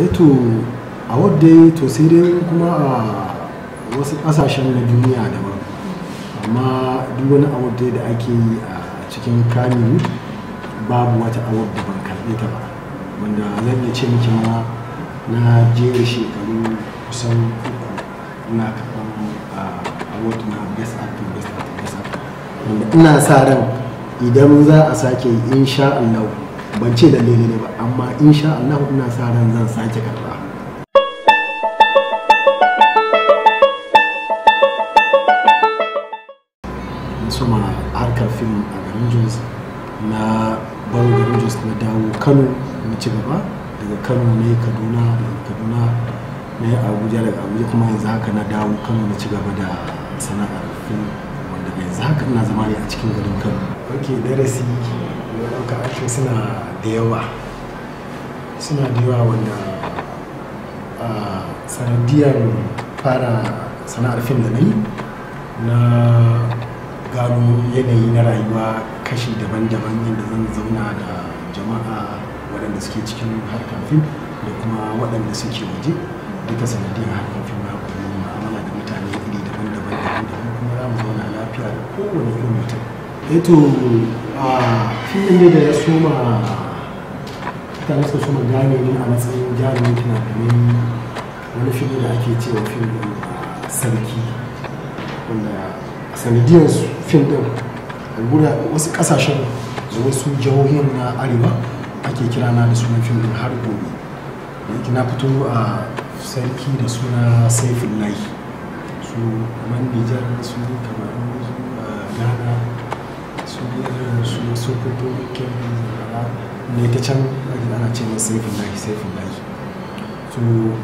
eto eh to a wadda to sai dai kuma a wasu kasashen na duniya daban amma duk wani awadda da ake yi a cikin kamin babu wata da ban karɓe ta ba wanda zan yi ce miki ma na jera shekaru kusan uku na karɓar award na best actor best actor best actor wanda ina sa ran idan za a sake insha Allah ban ce lalle ne ba amma insha Allah ina sa ran zan sake karba soma harkar fim a garin jos na baro garin jos na dawo kano na ci gaba daga kano ne kaduna daga kaduna ne abuja daga abuja kuma yanzu haka na dawo kano na ci gaba da sana'ar fim yanzu haka ina zama ne a cikin garin kan. ok darasi na ɗauka ake suna da yawa suna da yawa wanda a sanadiyar fara sana'ar fim da nayi na gano yanayi na rayuwa kashi daban-daban yadda zan zauna da jama'a waɗanda suke cikin harkar fim da kuma waɗanda suke waje duka sanadiyar harkar fim lafiya da kowane irin mutum eto eh a filin da ya soma ta nasa soma gane ne a matsayin jarumin tana ganin wani filin da ake cewa fim din sarki wanda sanadiyar fim din guda wasu kasashen zuwa su jihohin na arewa ake kira na da sunan fim din har gobe na fito a sarki da suna saifin layi su kamar nijar su kamaru su eh, ghana su su sokoto ne ta can ana ce mai saifin lahi saifin lahi su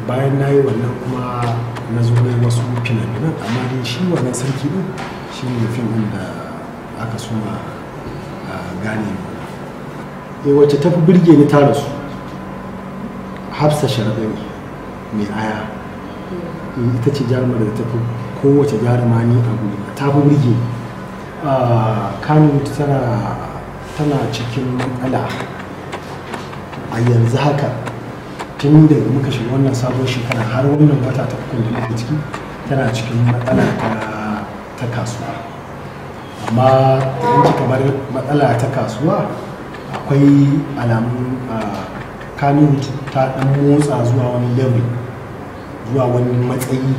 bayan na yi wannan kuma na zo wasu fina-finan amma dai shi wannan sarki ɗin shi ne fim ɗin da aka suma eh, gane ne eh, wacce ta fi birge ni ta rasu hafsa sharaɗin mai aya ita ce jarumar da ta fi kowace jaruma ni a guri ta fi burge ah, kanu tana cikin matsala a yanzu haka tun da muka shiga wannan sabon shekara har wannan wata ta da muke ciki tana cikin matsala ta kasuwa amma yin kika bar matsala ta kasuwa akwai alamun ah, kanu ta dan motsa zuwa wani level zuwa wani matsayi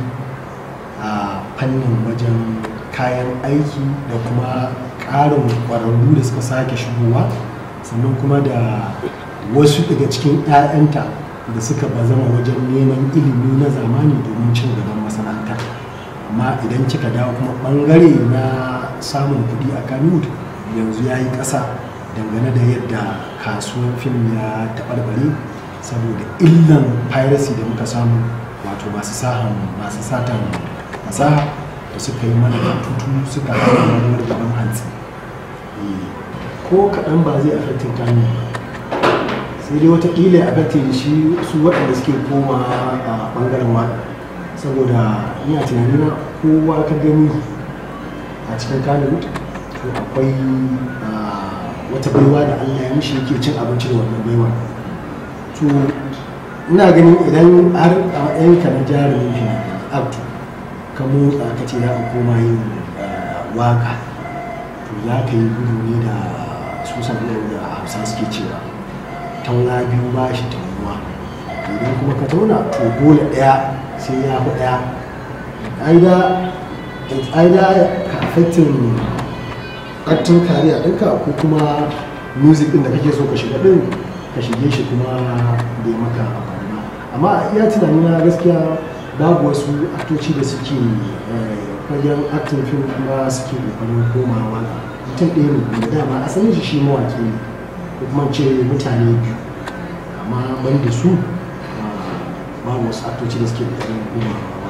a fannin wajen kayan aiki da kuma ƙarin ƙwararru da suka sake shigowa sannan kuma da wasu daga cikin 'ya'yanta da suka zama wajen neman ilimi na zamani domin cin gaban masana'anta amma idan kika dawo kuma ɓangare na samun kuɗi a kanut yanzu ya yi ƙasa dangane da yadda kasuwan fim ya taɓarɓare saboda illan piracy da muka samu wato masu sahan masu satan fasaha da suka yi mana tutu suka haɗa mana wani gaban hantsi eh, ko kaɗan ba zai ta ne sai dai watakila ya da shi su waɗanda suke koma a ɓangaren waɗa saboda ina tunanin kowa ka gani a cikin kanin to akwai wata baiwa da allah ya mishi yake cin abincin wannan baiwa to ina ganin idan har a matsayin ka na jarumin ne abu ka motsa ka ce za ka koma yin eh, waka to za ka yi gudu ne da su sannan da hausa suke cewa tauna biyu ba shi taunuwa idan kuma ka tauna to gole ɗaya sai ya fi ɗaya aida it's either affecting kariya ɗinka ko kuma music ɗin da kake so ka shiga ɗin ka shige shi kuma bai maka amma iya tunani na gaskiya babu wasu aktoci da suke eh, fagen aktin fim kuma suke kokarin komawa mutum ɗaya ne da dama asalin shi shi mawaki ne ko kuma ce mutane biyu amma ban da su ah, babu wasu aktoci da suke kokarin komawa